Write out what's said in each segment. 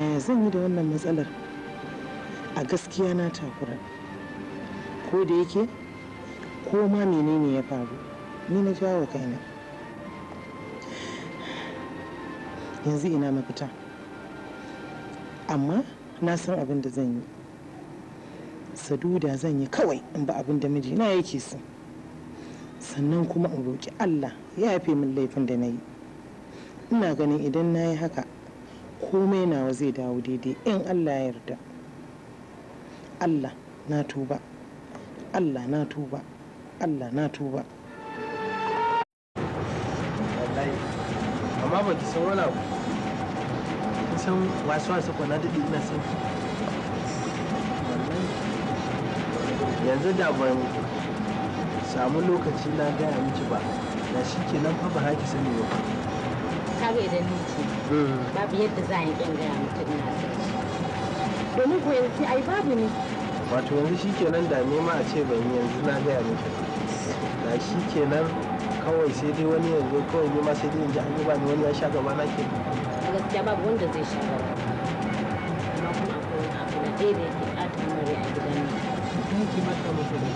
yaya eh, zan yi da wannan matsalar a gaskiya na takura ko da yake ko ma menene ya faru ni na jawo kaina yanzu ina mafita amma na san abin da zan yi saduda zan yi kawai in ba abin da mijina yake so sannan kuma in roƙi allah ya yafe min laifin da na yi ina ganin idan na yi haka komai nawa zai dawo daidai in allah ya yarda allah na tuba allah na tuba allah na tuba amma ba ki san wani abu san wasu wasu ko na daɗi ina san yanzu da ban samu lokaci na gaya miki ba na shi kenan fa ba haki sani ba kaga idan ni ce babu yadda za a yi ƙin gaya mutum na domin ko yanzu ai babu ne wato yanzu shi kenan da nema a ce ban yanzu na gaya miki da shi kenan kawai sai dai wani yanzu kawai nema sai dai yanzu an ba ni wani ya sha gaba na ke gaskiya babu wanda zai sha gaba amma kuma akwai wani abu na ɗaya da yake ƙata mare a gidan nan ki mata mutu da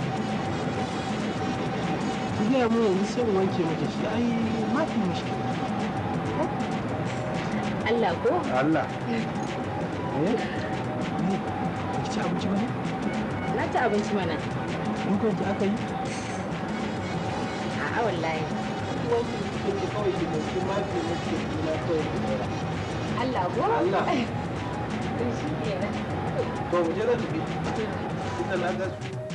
ki gaya mu yanzu sai mu wanke miki shi ai mafi mushkila Allah ko? Allah. Eh? Ki ci abinci mana? Na ci abinci mana. ko ki aka yi? A'a wallahi. Allah ko? Allah. To, mu je Ina na gasu.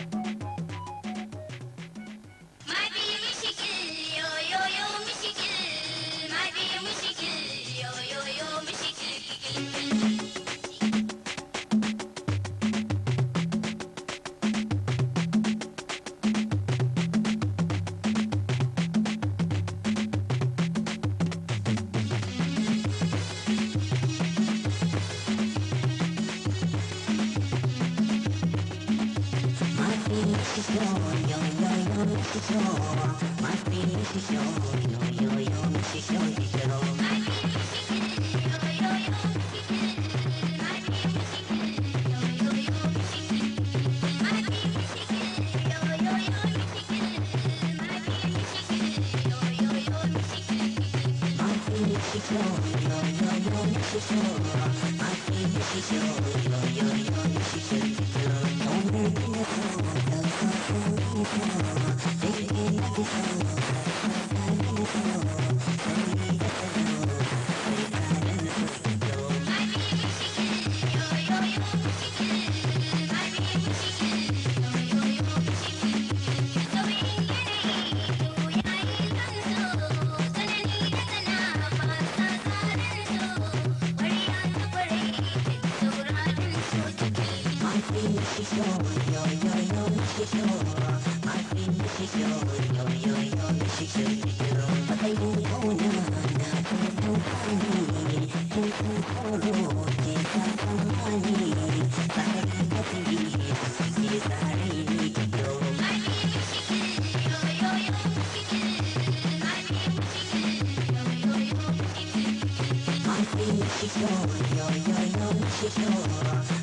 insecure,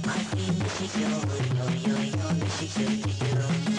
my queen insecure, yo yo yo insecure.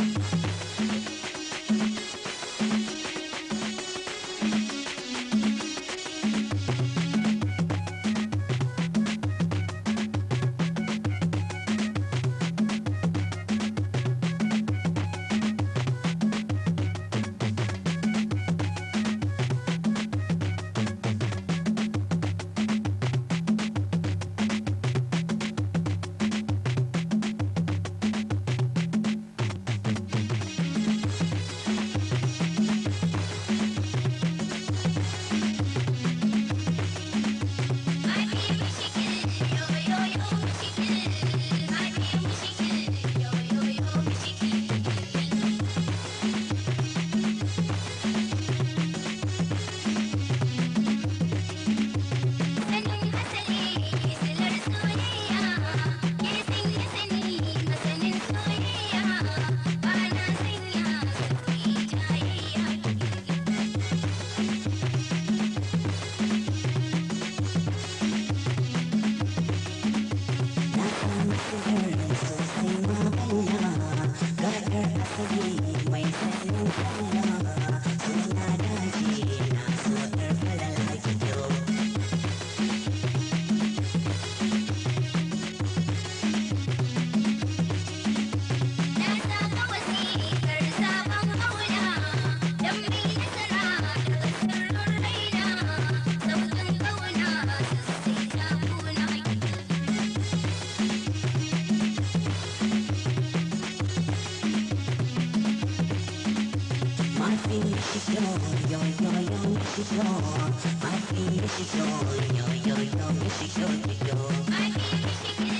secure, your your your is secure. My feet is secure, your your your is secure, secure. My feet is secure.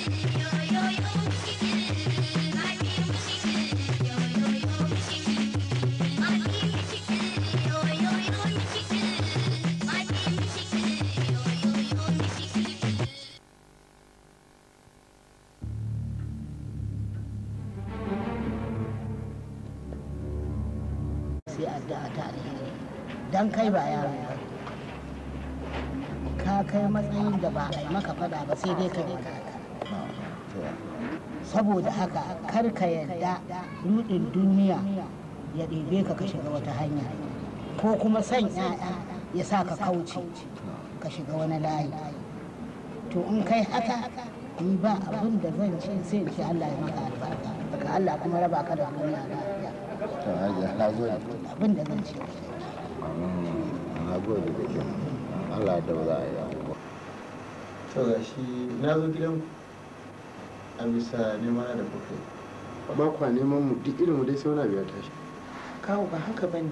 sai dai ka saboda haka kar ka yadda rudin duniya ya ɗebe ka ka shiga wata hanya ko kuma son ya'ya ya sa ka kauce ka shiga wani layi to in kai haka ni ba abin da zan ce sai in ce Allah ya maka albarka ka Allah kuma raba ka da duniya lafiya abin da zan ce da Allah ya ya to ga shi na zo gidan a bisa neman da kuka yi amma kwa neman mu duk irin mu dai sai wani abu ya tashi kawo ba haka ba ne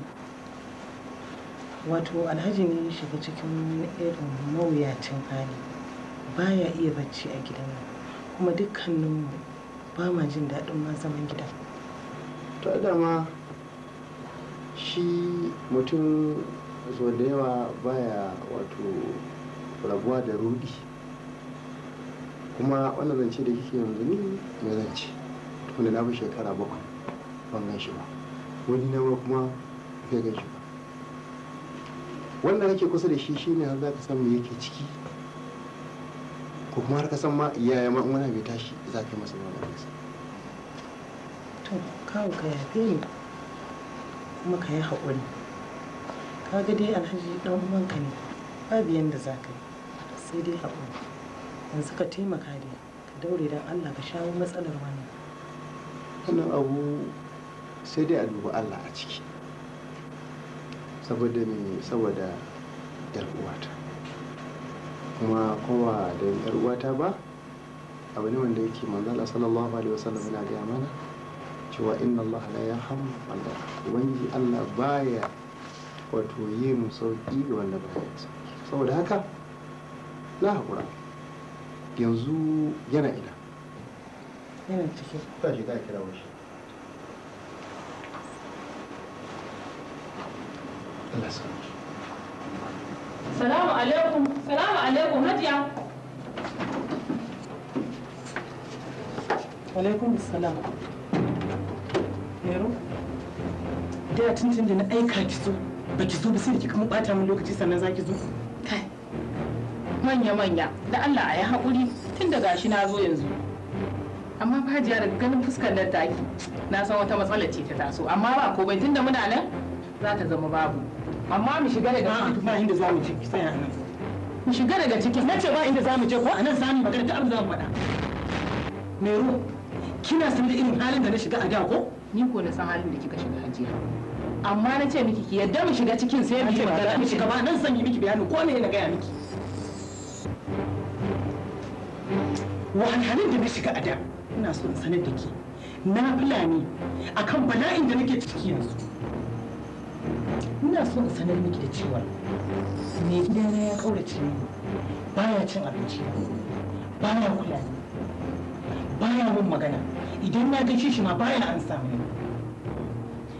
wato alhaji ne shiga cikin irin mawuyacin hali baya iya bacci a gidan nan kuma dukkanin mu ba ma jin daɗin ma zaman gidan to dama shi mutum zuwa da yawa baya wato rabuwa da rudi kuma wannan zance da kike yanzu ni mai zance da na fi shekara bakwai ban gan shi ba wani na ba kuma bai gan shi ba wanda nake kusa da shi ne har za ka san me yake ciki ko kuma har ka san ma yaya ma wani bai tashi za ka yi masa magana to kawo ka yafe ni kuma ka yi haƙuri ka dai alhaji ɗan uwanka ne babu da za ka yi sai dai haƙuri yanzu ka taimaka ne ka daure don allah ka shawo matsalar wannan wannan abu sai dai a duba allah a ciki saboda me saboda yar uwata kuma kowa da yar uwata ba abu ne wanda yake manzala sallallahu alaihi wasallam yana gaya mana cewa inna allah la yarhamu wanda wani allah baya wato mu sauki ga wanda baya sauki saboda haka za a haƙura yanzu yana ina yana cikin kuka shiga kira wasu Allah sani salamu alaikum salamu alaikum hajiya alaikum salam yaro da tuntun da na aika ki so ba ki so ba sai ki kuma bata min lokaci sannan za ki zo manya-manya da Allah a yi haƙuri tun da gashi na zo yanzu amma fajiya daga ganin fuskar nan taki na san wata matsala ce ta taso amma ba ko bai da muna nan za ta zama babu amma mu shiga daga cikin ba inda za mu je tsaya nan mu shiga daga cikin na ce ba inda za mu je ko a nan sami magana ta abu za mu faɗa Meru kina san da irin halin da na shiga a da ko ni ko na san halin da kika shiga hajiya amma na ce miki ki yadda mu shiga cikin sai mu ce magana mu shiga ba nan san yi miki bayani ko ne na gaya miki wahalhalun da na shiga a da ina son sanar da ke na fulani akan bala'in da nake ciki yanzu ina son sanar miki da cewa mai gidana ya kaurace ni baya cin abinci baya kula ba baya mun magana idan na ga shi ma baya an samu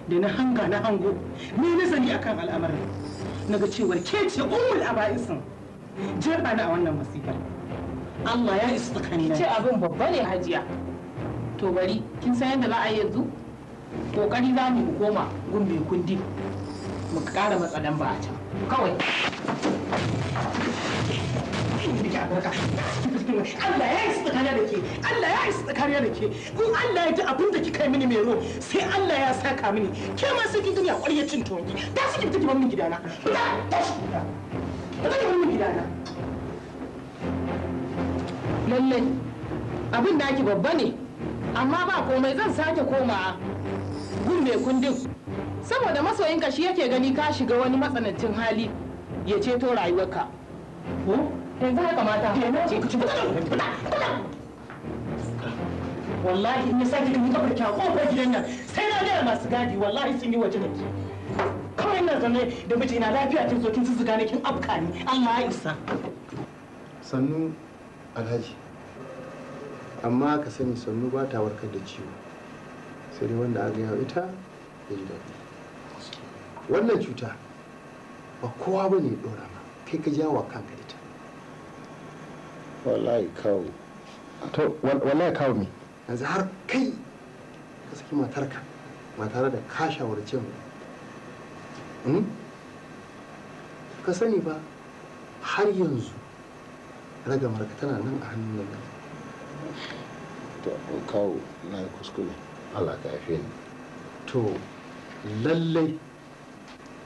da na hanga na hango ni nazari akan al'amarin na ga cewar ke ce umul aba'isin jirba na a wannan masifar Allah ya isu isa kanina. ce abin babba ne hajiya to bari kin san yadda za a yi yanzu kokari za mu koma gumbe kundi mu kara matsalan ba a can kawai Allah ya isa tsakaniya da ke Allah ya isa tsakaniya da ke in Allah ya ji abin da kika yi mini mai ro sai Allah ya saka mini ke ma sai kin gani a ƙwaryar cin tuwon ki da suke take ban min gidana ta tashi ta take ban min gidana lallai abin da ake babba ne amma ba komai zan sake koma gun mai kundin saboda masoyinka shi yake gani ka shiga wani matsanancin hali ya ceto rayuwarka yanzu ya kamata wallahi in ya sake kan kafar ki ko kofar gidan nan sai na gaya masu gadi wallahi sun yi waje da ke kawai na zanne da mijina lafiya kin zo kin zuzuga ne kin afka ni Allah ya isa sannu alhaji amma ka sani sannu ba ta warkar da ciwo sai dai wanda aka yawa ita ya ji daɗi wannan cuta ba kowa ba ne ɗora ma kai ka jawa kanka ita wallahi kawo to wallahi kawo me yanzu har kai ka saki matarka ba tare da ka shawarce mu hmm? ka sani ba har yanzu ragamar ka tana nan a hannun nan to kawo na yi kuskure Allah ka yafe ni to lallai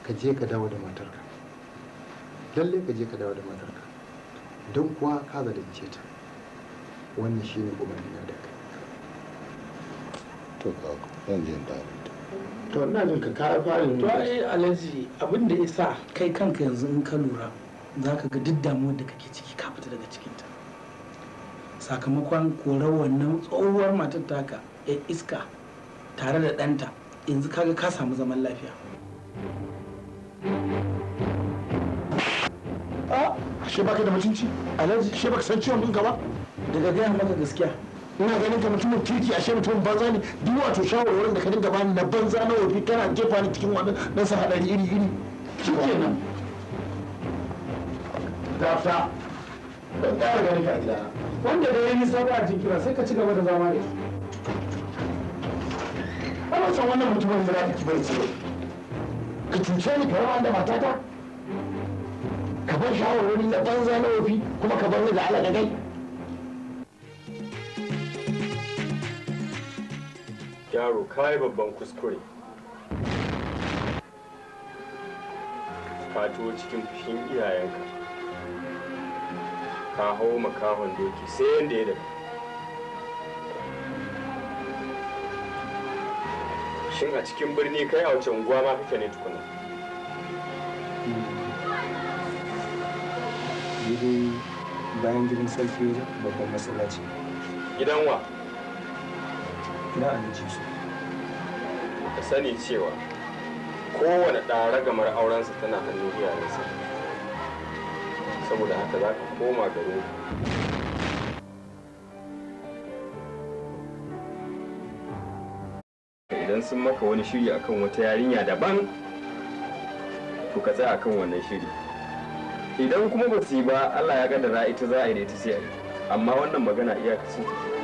ka je ka dawo da matarka lallai ka je ka dawo da matarka don kuwa ka zalunce ta wannan shine umarni na da kai to ka zan je dawo to ina jin ka ka fara to ai alaji abin da yasa kai kanka yanzu in ka lura zaka ga duk damuwar da kake ciki fita daga cikinta sakamakon korar wannan tsohuwar matar taka ya iska tare da ɗanta yanzu kaga ka samu zaman lafiya ashe baka da mutunci alhaji she baka san ciwon ɗinka ba daga gaya maka gaskiya ina ganin ka mutumin kirki ashe mutumin banza ne duk wato shawarwarin da ka dinga bani na banza na wofi kana jefa ni cikin wannan nasa hadari iri iri nan dafta ban ƙara ganin ka a wanda da ya nisa ba a jin kira sai ka ci gaba da zama da shi ana wannan mutumin mura ka kibar ce ka cuce ni ka rawa da matata ka bar shawarwari na banza na wofi kuma ka bar ni da ala da yaro ka yi babban kuskure ka cikin fushin iyayenka ka hau makahon doki sai yadda ya dafa shin a cikin birni kai a wacce unguwa ma kake ne tukuna dai bayan gidan sarki babban masallaci gidan wa gidan aminci su ka sani cewa kowane ɗara gamar aurensa tana hannun iyayensa saboda haka za ka koma garin idan sun maka wani shiri akan wata yarinya daban to ka tsaya akan wannan shiri idan kuma ba su yi ba allah ya ga kaddara ita za a yi da ita sai amma wannan magana iyakacin ta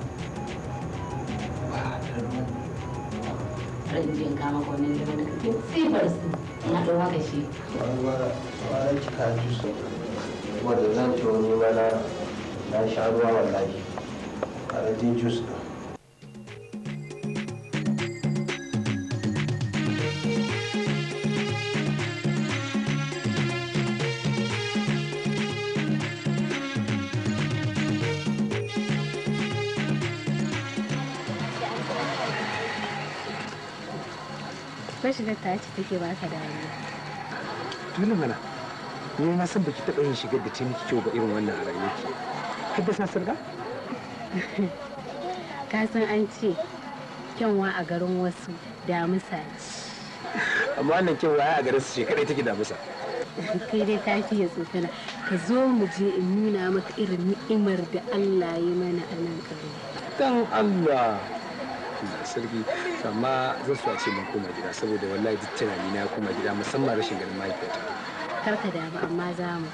ran jin kama wannan daga da kake su na ɗan haka shi wani cika ji su wanda zan ciwo ne mana na sha ruwa wallahi a rajin jus ɗin wai shigar ta ce take dariya dole mana ni na san baki taɓa yin shigar da ce miki kyau ba irin wannan a rayuwarki har da sarga ka san an ce kyanwa a garin wasu damusa ce amma wannan kyanwa a garin su shekarai take damusa kai dai ka fiye tsokana ka zo mu je in nuna maka irin ni'imar da Allah ya mana a nan ƙarni dan Allah da sarki amma zan su a ce mun koma gida saboda wallahi duk tunani na koma gida musamman rashin ganin mahaifiyata kar ka damu amma za mu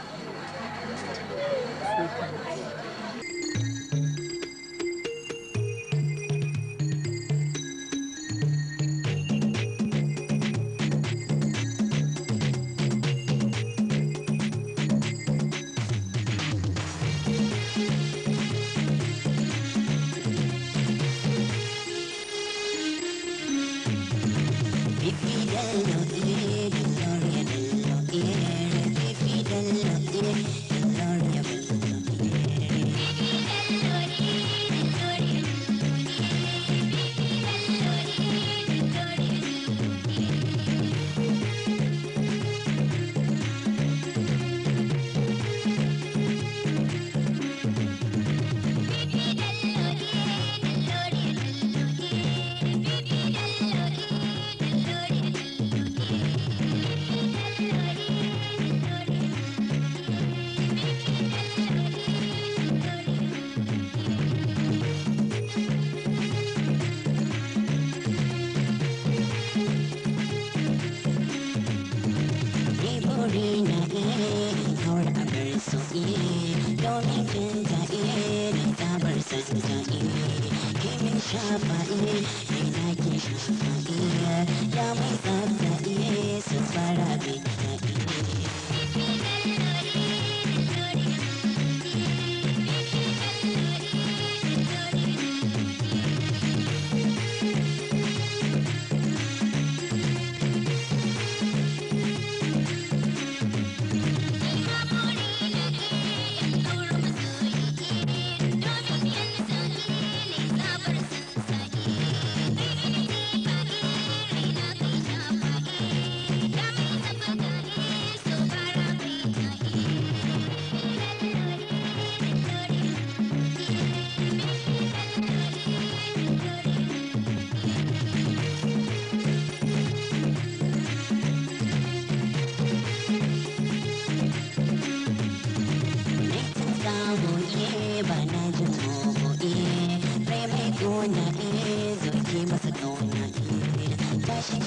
shi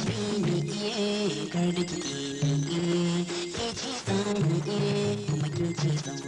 ni eh kar da kike ni eh ce san ni eh kuma ke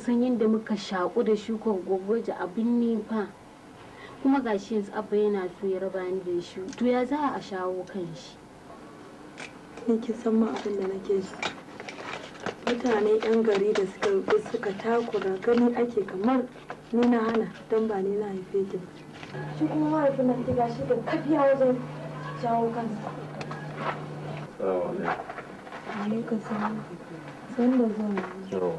sanyin da muka shaƙu da shi ko gogoji abin ne fa kuma shi yanzu abba yana so ya raba ni da shi to ya za a shawo kan shi ni san ma abin da nake so mutane yan gari da suka suka takura gani ake kamar ni na hana don ba ni na haife ki ba shi kuma mahaifin na ta gashi da kafiya wajen shawo kansa Assalamu alaikum. Alaikum salam. Sanda zuwa.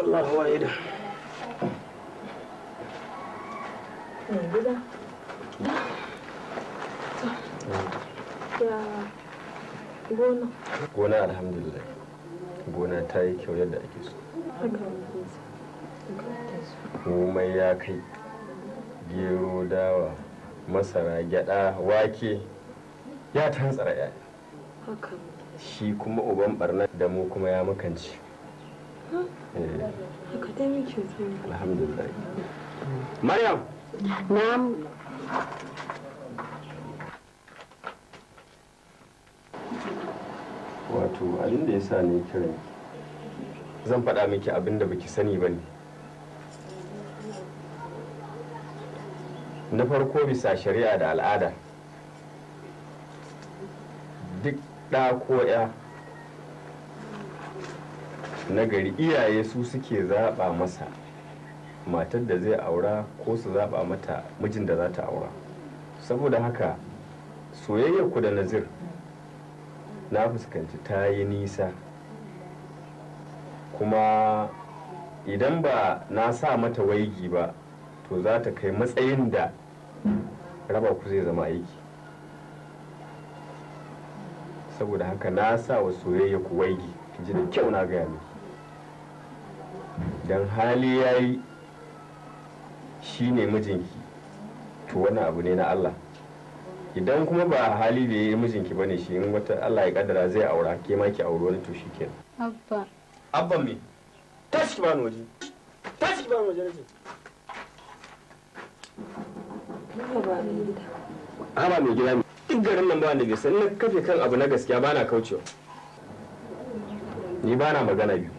Allah wa'ida. gona. Gona alhamdulillah. Gona ta yi kyau yadda ake so. Komai ya kai. Gero, dawa, masara, gyada, wake ya tantsara yaya. Haka. shi kuma uban barna da mu kuma ya makanci wato abin da ya sa ne kiran zan faɗa miki abin da baki sani ba ne na farko bisa shari'a da al'ada ɗa ko ya na gari iyaye su suke zaɓa masa matar da zai aura ko su zaɓa mata mijin da za ta aura saboda haka soyayyar ku da nazir na fuskanci ta yi nisa kuma idan ba na sa mata waigi ba to za ta kai matsayin da raba ku zai zama aiki saboda haka na sa wa soyayya ku waigi ji da kyau na gaya miki don hali ya yi shi ne mijinki to wani abu ne na Allah idan kuma ba hali da ya yi mijinki ba ne shi in wata Allah ya kadara zai aura ke ma ki auri wani to shi kenan abba abba me tashi ba bani waje tashi ba bani waje ba ba mai gida mai duk garin nan ba wanda bai san na kafe kan abu na gaskiya bana kaucewa ni bana magana biyu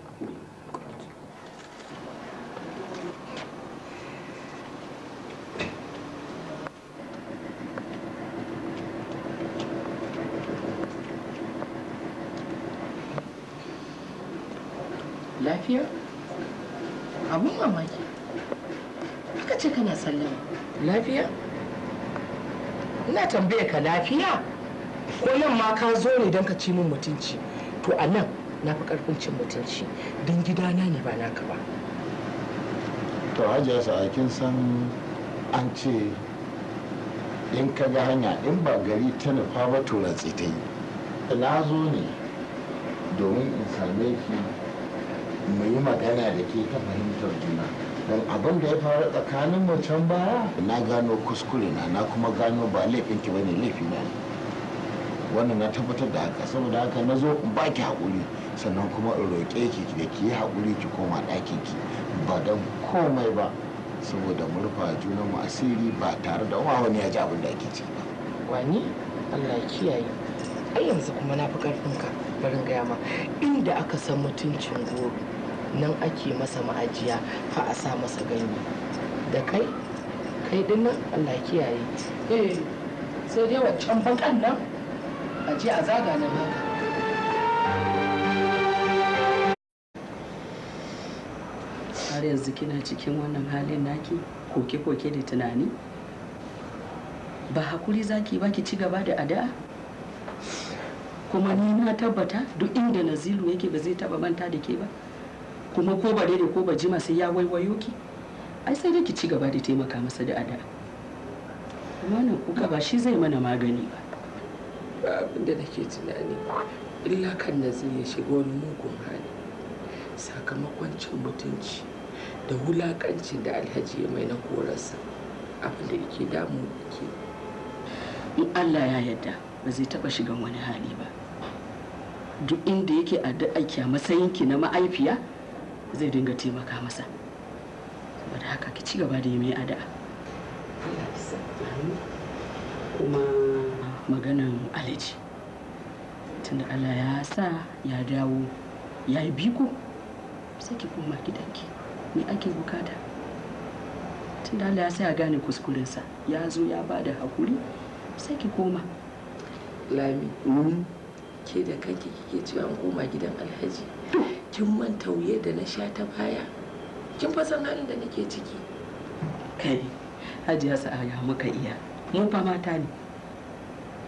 ka lafiya ko nan ma ka zo ne don ka ci min mutunci to a nan na fi karfin cin mutunci don gidana ne ba naka ba to hajiya sa'a kin san an ce in ka ga hanya in ba gari ta nufa ba to ratsi ta yi na zo ne domin in same ki mu yi magana da ke ta fahimtar juna don abin da ya faru tsakanin mu can baya na gano kuskure na na kuma gano ba laifin ki bane laifi na wannan na tabbatar da haka saboda haka na zo in baki haƙuri sannan kuma in roƙe ki da ki yi haƙuri ki koma ɗakin ki ba don komai ba saboda mu rufa junan mu asiri ba tare da wa wani ya ji abin da ake ciki ba wani Allah ya kiyaye ai yanzu kuma na fi ka barin gaya ma inda aka san mutuncin gobe nan ake masa ma'ajiya fa a sa masa ganye da kai kai din nan allah kiyaye eh sai dai wancan bankan nan a je a zaga nan haka har yanzu kina cikin wannan halin naki koke-koke da tunani ba hakuri zaki ba ki ci gaba da ada kuma ni na tabbata duk inda nazilu yake ba zai taba manta da ke ba kuma ko ba da ko ba jima sai ya waiwayo ki ai sai dai ki ci gaba da taimaka masa da ada kuma nan kuka ba shi zai mana magani ba ba abin da nake tunani illa kan zai ya shiga wani mugun hali sakamakon cin mutunci da wulakancin da alhaji ya mai na korarsa abin da yake damu ke in allah ya yarda ba zai taba shigan wani hali ba duk inda yake addu'a ki a matsayin ki na ma'aifiya zai dinga taimaka masa saboda haka ki ci gaba da yi mai ada'a kuma maganan alaji tunda allah ya sa ya dawo ya yi biko sai ki koma gidanki me ake bukata tunda allah ya sa ya gane kuskurensa ya zo ya ba da haƙuri sai ki koma lami ke da kanki kike cewa an koma gidan alhaji kin manta wuya da na sha ta baya kin fasan halin da nake ciki kai hajiya sa'aya muka iya mun fa mata ne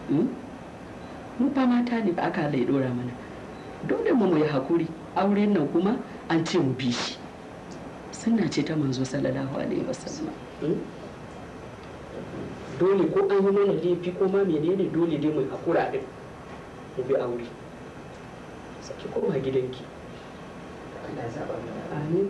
hmm? mun fa mata ne ba aka halai dora mana dole mu mu yi hakuri auren nan kuma an ce mu bi shi sunna ce ta manzo sallallahu alaihi wasallam hmm? dole ko an yi mana laifi ko ma menene dole dai mu hakura din mu bi aure saki koma gidanki Amin.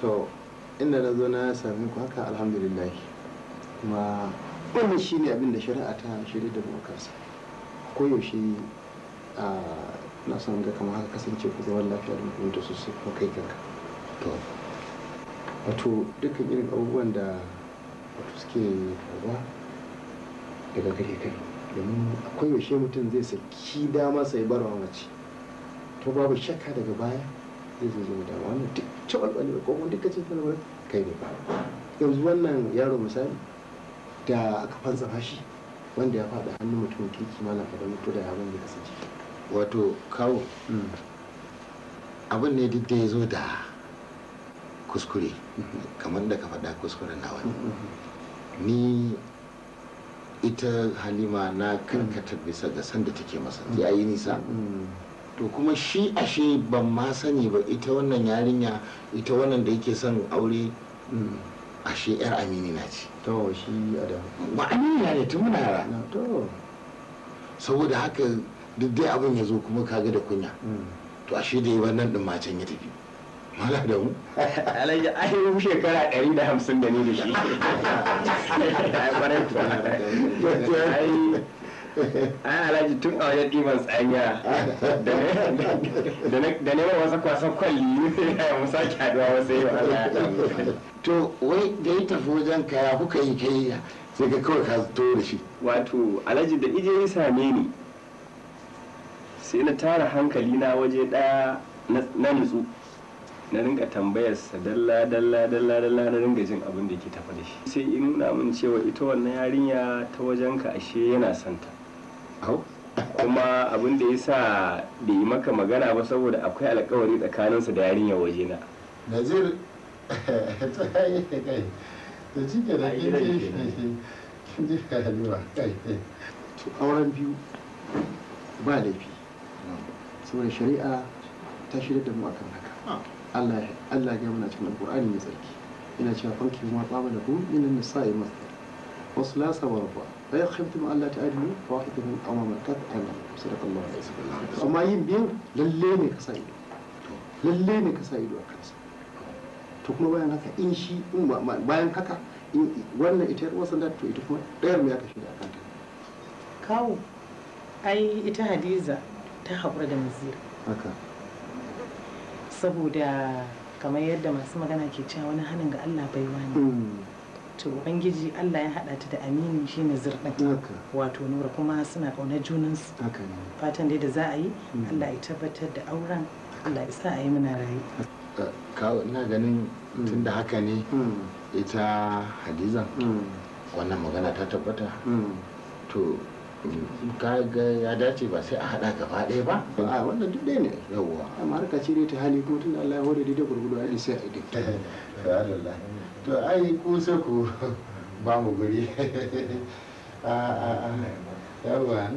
To, inda na zo na sami ku haka alhamdulillah kuma wannan shi ne abin da shari'a ta shirya da bukarsa koyaushe a na son ga kamar haka kasance ku zaman lafiya da mutunta sosai kuma kai kanka to wato dukkan irin abubuwan da suke faruwa daga gare kai domin akwai yaushe mutum zai saki dama sai bar mace to babu shakka daga baya zai zo zama dama wannan duk cewar ɓalibar ko kuma duka ce ɓalibar kai ne ba yanzu wannan yaro misali da aka fansa shi wanda ya faɗa hannun mutum kirki mana ka da mutu da yaron ya kasance wato kawo mm, abin ne duk da ya zo da kuskure kamar da ka faɗa kuskure na wani ni ita halima na karkata bisa ga sanda take masa mm. ya yi nisa mm. to kuma shi ashe ban ma sani ba ita wannan yarinya ita wannan da yake son aure mm. ashe yar amini na ce to shi adam ba amini ne tun muna yara to saboda haka duk dai abin ya zo kuma kaga da kunya to ashe da yi wannan din macen ya tafi mala da mu alhaji ai mu shekara ɗari da hamsin da ni da shi ai kwarai kuwa ai ai alhaji tun a wajen ɗiban tsanya da nema wasu kwasan kwalli ya mu sake haɗuwa wasu yi wa to wai da ya tafi wajen kaya kuka yi kai sai ka kawai ka to da shi wato alhaji da ije ya same ni sai na tara hankali na waje ɗaya na nutsu na rinka sa dalla dalla dalla dalla na rinka jin abin da ke tafa da shi sai in nuna min cewa ita wannan yarinya ta wajenka ashe yana santa kuma abin da ya sa bai yi maka magana ba saboda akwai alkawari su da yarinya waje na. nazir ta yi kai ta ci ke da kin ji halwa kai auren biyu ba laifi hmm. saboda shari'a ta shirya da mu akan haka ah. Allah Allah ya na cikin alƙur'ani mai tsarki ina cewa fanki ma tsaba da kun minan nisa'i masdar wasu lasa wa fa ya Allah ta'ala fa wahidu min amama amma yin biyan lalle ka sa ido lalle ne ka sa ido a kansa to kuma bayan haka in shi bayan haka wannan ita yar wasan da to ita kuma ɗayar mu ya kashe da kanta kawo ai ita hadiza ta haƙura da mazira saboda kamar yadda masu magana ke cewa wani hannun ga Allah baiwa ne hmm. to ubangiji Allah ya haɗa ta da amini shine zirɗin wato nura kuma suna kauna junansu fatan dai da za a yi hmm. Allah ya tabbatar da auren Allah ya sa a yi muna rayu eh, kawo ina ganin hmm. tun da haka ne ita hadiza wannan magana ta tabbata to kaga ya dace ba sai a hada gaba ɗaya ba a wannan duk ɗaya ne yawwa amma harka ce ta hali ko tun Allah ya hore da gurgudu a sai a idan to ai ku sai ku ba mu guri a a a yawwa